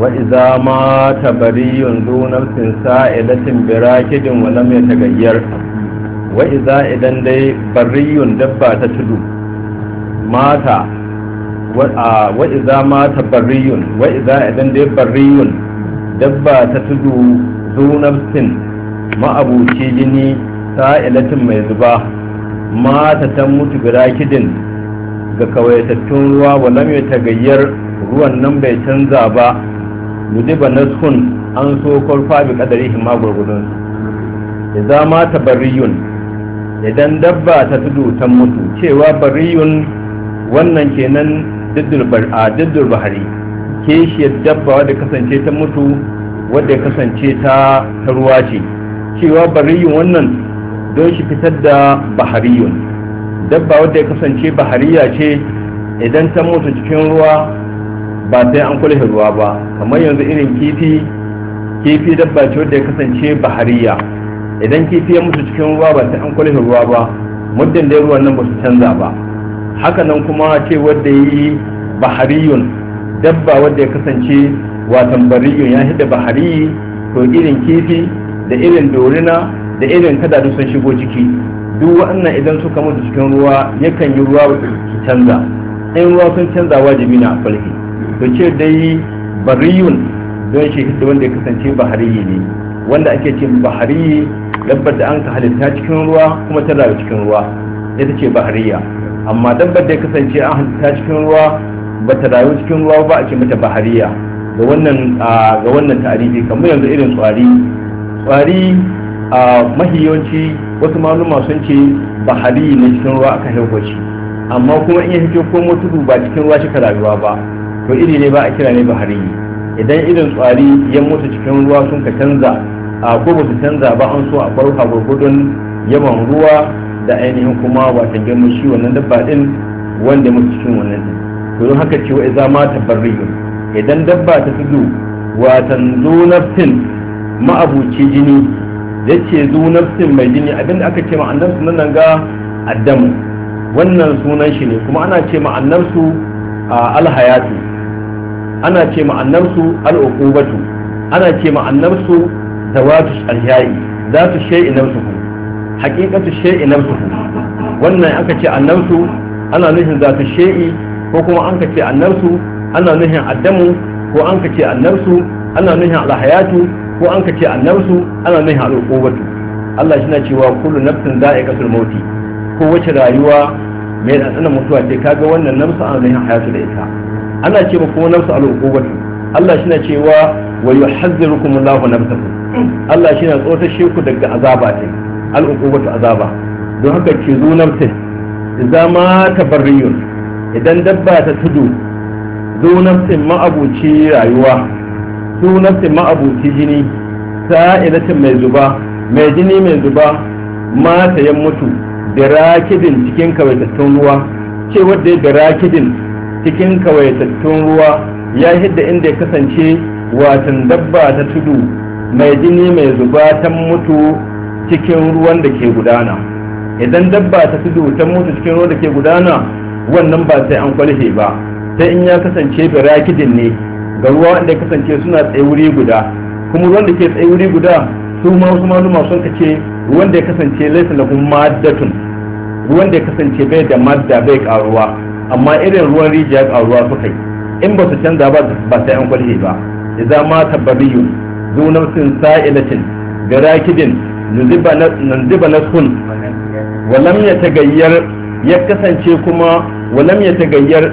وإذا ما تبري دون نفس سائلة براكد ولم يتغير وإذا إذن دي بري دبا تتدو مات وإذا ما تبري وإذا إذن دي بري دبا تتدو ذو نفس ما أبو جني سائلة ميزبا ما تتموت براكد ga kawaitattun ruwa walam ya tagayyar ruwan nan bai canza ba yudiba naskun an so kwarfa bi kadarihin ma gurgudun ma ta bariyun idan dabba ta tudu ta mutu cewa bariyun wannan kenan diddul bahari shi dabba wadda kasance ta mutu wadda kasance ta ruwa ce cewa bariyun wannan don shi fitar da bahariyun dabba wadda kasance bahariya ce idan ta mutu cikin ruwa ba sai an kula ruwa ba kamar yanzu irin kifi kifi dabba ce wadda ya kasance bahariya idan kifi ya mutu cikin ruwa ba sai an kula ruwa ba muddin da ruwan nan ba su canza ba haka nan kuma ce wadda yi bahariyun dabba wadda ya kasance watan bariyun ya hida bahariyi to irin kifi da irin dorina da irin kada duk sun shigo ciki duk wannan idan suka mutu cikin ruwa yakan yi ruwa su canza in ruwa sun canza wajibi na a to ce dai bariyun don shi da wanda ya kasance bahariyi ne wanda ake ce bahariyi dabbar da an ka halitta cikin ruwa kuma ta rayu cikin ruwa ita ce bahariya amma dabbar da ya kasance an halitta cikin ruwa ba ta rayu cikin ruwa ba a ce mata bahariya ga wannan ga wannan tarihi kamar yanzu irin tsari tsari a yawanci wasu maluma sun ce bahari ne cikin ruwa aka haihuwa shi amma kuma in ya fito ko mutu ba cikin ruwa shi ka rayuwa ba to iri ne ba a kira ne bahari idan irin tsari ya mutu cikin ruwa sun ka canza a ko ba su canza ba an so a farka gurgudun yawan ruwa da ainihin kuma ta girma shi wannan dabba din wanda mutu cikin wannan din to don haka cewa iza ma tabarriyu idan dabba ta tudu watan zo nafsin ma'abuci jini yace zo nafsin mai jini abinda aka ce ma annabsu nan ga addamu wannan sunan shi ne kuma ana ce ma a alhayatu ana ce ma'annarsu al'uqubatu ana ce ma'annarsu zawatu aljayi zatu shay'in nafsuhu haqiqatu shay'in nafsuhu wannan aka ce annarsu ana nufin zatu shay'i ko kuma an ka ce annarsu ana nufin addamu ko an ka ce annarsu ana nufin alhayatu ko an ka ce annarsu ana nufin al'uqubatu Allah shi na cewa kullu nafsin za'iqatul mauti ko wace rayuwa mai tsananin mutuwa ce kaga wannan nafsu ana nufin hayatu da ita ana ce ma kuma nafsu al uqubati Allah shi na cewa wa yuhazzirukum Allah nafsuhu Allah shi na tsotashe ku daga azaba ce al-uqubatu azaba don haka ce zu nafsu idan ma tabarriyun idan dabba ta tudu zu ma abuci rayuwa zu ma abuci jini sa'ilatin mai zuba mai jini mai zuba mata ya mutu da rakidin cikin kawaitattun ruwa ce wadda ya da rakidin cikin kawaitattun ruwa ya hidda inda ya kasance watan dabba ta tudu mai jini mai zuba ta mutu cikin ruwan da ke gudana idan dabba ta tudu ta mutu cikin ruwan da ke gudana wannan ba sai an kwalhe ba sai in ya kasance birakidin ne ga ruwa wanda ya kasance suna tsaye wuri guda kuma ruwan da ke tsaye wuri guda su ma wasu maluma sun kace ruwan da ya kasance laisa lahum maddatun ruwan da ya kasance bai da madda bai karuwa amma irin ruwan rijiya a ruwa suka yi in ba su canza ba ba sai an kwalhe ba idan ma tabbabiyun zunamsin sa'ilatin da rakidin na sun walam ya tagayyar ya kasance kuma walam ya tagayyar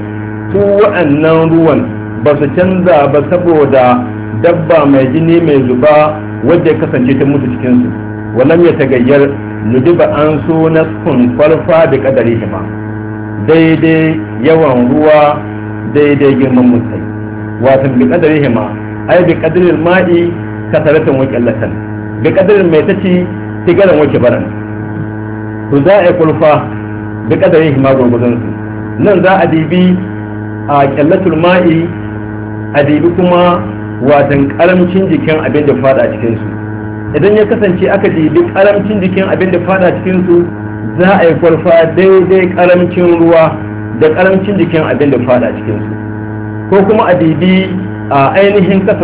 su wa'annan ruwan ba su canza ba saboda dabba mai jini mai zuba wadda ya kasance ta mutu cikinsu walam ya tagayyar nudiba an so na sun farfa da kadari ba daidai yawan ruwa daidai girman mutai wato bi kadari hima ai bi kadari ma'i kasaratan wa qillatan bi kadari mai tace tigaran wa baran. to za a kulfa bi kadari hima gurgudun su nan za a dibi a kallatul ma'i a dibi kuma wato karamcin jikin abin da fada cikin su idan ya kasance aka dibi karamcin jikin abin da fada cikin su za a yi kwarfa daidai karamcin ruwa da karamcin jikin abin da fada cikinsu ko kuma a didi a ainihin kasa